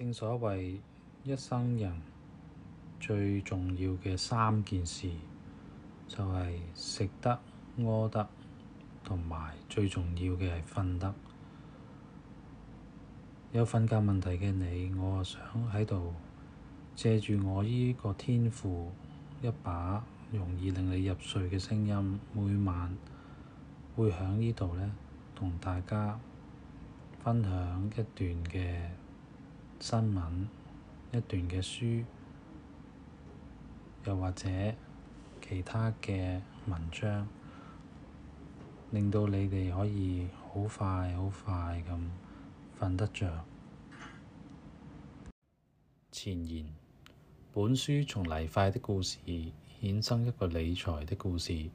正所謂一生人最重要嘅三件事，就係食得、屙得，同埋最重要嘅係瞓得。有瞓覺問題嘅你，我想喺度借住我呢個天賦一把，容易令你入睡嘅聲音，每晚會響呢度呢，同大家分享一段嘅。新聞一段嘅書，又或者其他嘅文章，令到你哋可以好快、好快咁瞓得着。前言：本書從泥塊的故事衍生一個理財的故事。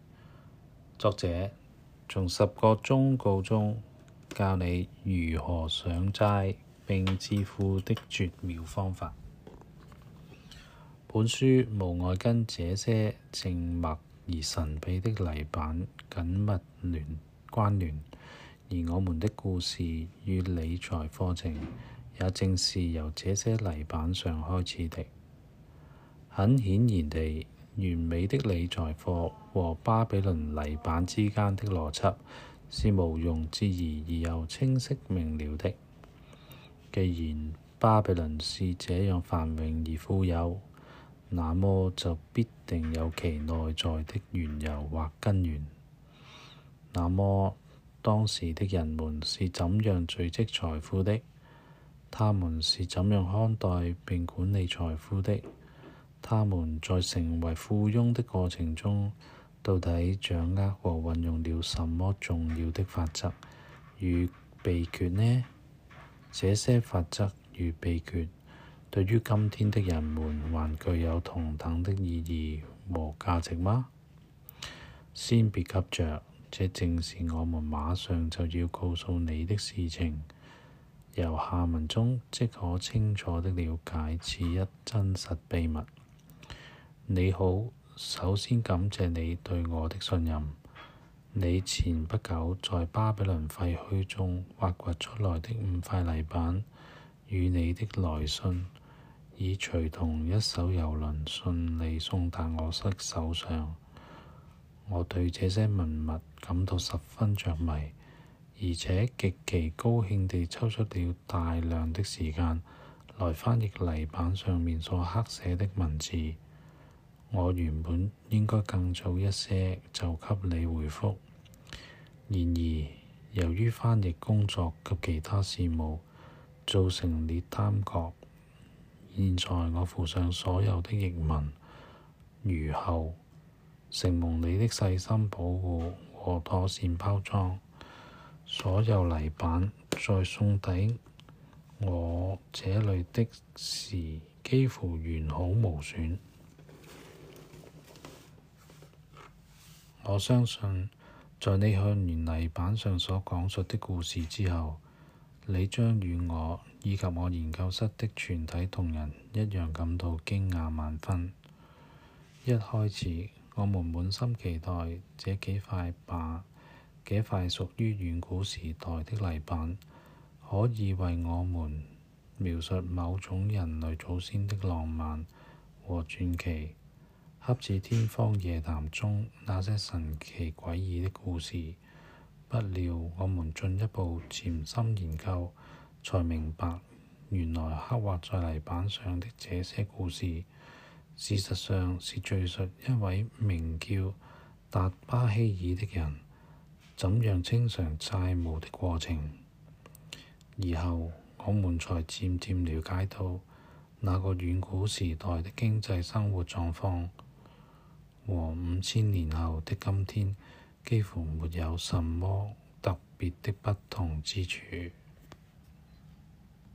作者：從十個忠告中教你如何上齋。並致富的絕妙方法。本書無外跟這些靜默而神秘的泥板緊密聯關聯。而我們的故事與理財課程，也正是由這些泥板上開始的。很顯然地，完美的理財課和巴比倫泥板之間的邏輯是毋庸置疑而又清晰明了的。既然巴比倫是這樣繁榮而富有，那麼就必定有其內在的緣由或根源。那麼當時的人們是怎樣聚積財富的？他們是怎樣看待並管理財富的？他們在成為富翁的過程中，到底掌握和運用了什麼重要的法則與秘訣呢？這些法則與秘訣對於今天的人們還具有同等的意義和價值嗎？先別急着，這正是我們馬上就要告訴你的事情。由下文中即可清楚的了解此一真實秘密。你好，首先感謝你對我的信任。你前不久在巴比倫廢墟中挖掘出來的五塊泥板，與你的來信，已隨同一艘郵輪順利送到我室手上。我對這些文物感到十分着迷，而且極其高興地抽出了大量的時間，來翻譯泥板上面所刻寫的文字。我原本應該更早一些就給你回覆，然而由於翻譯工作及其他事務，造成你耽擱。現在我附上所有的譯文，如後，承蒙你的細心保護和妥善包裝，所有泥板在送抵我這裡的時，幾乎完好無損。我相信，在你看完泥板上所講述的故事之後，你將與我以及我研究室的全體同仁一樣感到驚訝萬分。一開始，我們滿心期待這幾塊吧，這塊屬於遠古時代的泥板，可以為我們描述某種人類祖先的浪漫和傳奇。恰似天方夜談中那些神奇詭異的故事，不料我們進一步潛心研究，才明白原來刻畫在泥板上的這些故事，事實上是敘述一位名叫達巴希爾的人怎樣清償債務的過程。以後我們才漸漸了解到那個遠古時代的經濟生活狀況。和五千年後的今天，幾乎沒有什麼特別的不同之處。